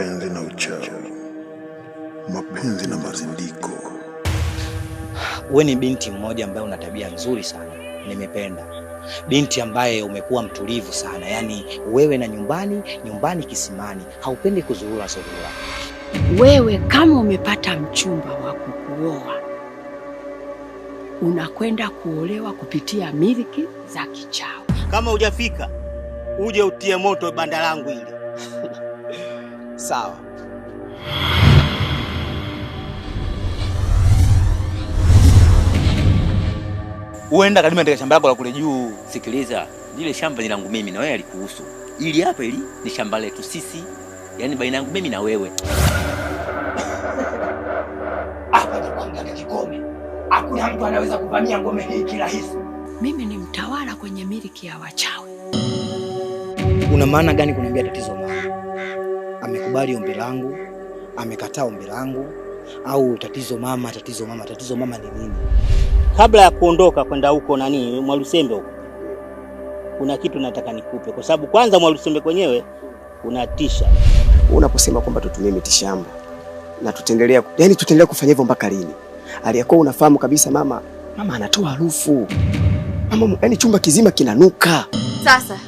mapenzi na uchawi, mapenzi na mazindiko. Wewe ni binti mmoja ambaye una tabia nzuri sana, nimependa binti ambaye umekuwa mtulivu sana, yaani wewe na nyumbani, nyumbani kisimani, haupendi kuzurura zurura. Wewe kama umepata mchumba wa kukuoa, unakwenda kuolewa kupitia miliki za kichawi. Kama hujafika uje utie moto banda langu hili sawa. Uenda kadima ndika shamba lako la kule juu. Sikiliza, lile shamba ni langu mimi na wewe alikuhusu. Ili hapa ili ni shamba letu sisi, yaani baina yangu mimi na wewe. Hapa ni kuangalia kikome, hakuna mtu anaweza kuvamia ngome hii kirahisi. Mimi ni mtawala kwenye miliki ya wachawi. Una maana gani kuniambia tatizo mama? amekubali ombi langu, amekataa ombi langu, au tatizo mama, tatizo mama, tatizo mama ni nini? Kabla ya kuondoka kwenda huko nani Mwalusembe huko, kuna kitu nataka nikupe, kwa sababu kwanza Mwalusembe kwenyewe unatisha. Unaposema kwamba tutumie miti shamba na tutaendelea, yani tutaendelea kufanya hivyo mpaka lini? Aliyakuwa unafahamu kabisa mama, mama anatoa harufu mama, yani chumba kizima kinanuka sasa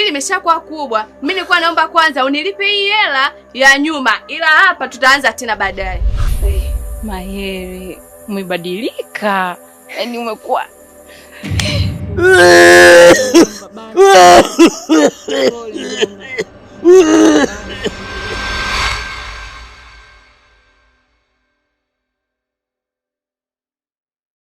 dili imeshakuwa kubwa. Mimi nilikuwa naomba kwanza unilipe hii hela ya nyuma, ila hapa tutaanza tena baadaye. Eh, Mayere, umebadilika, yaani eh, umekuwa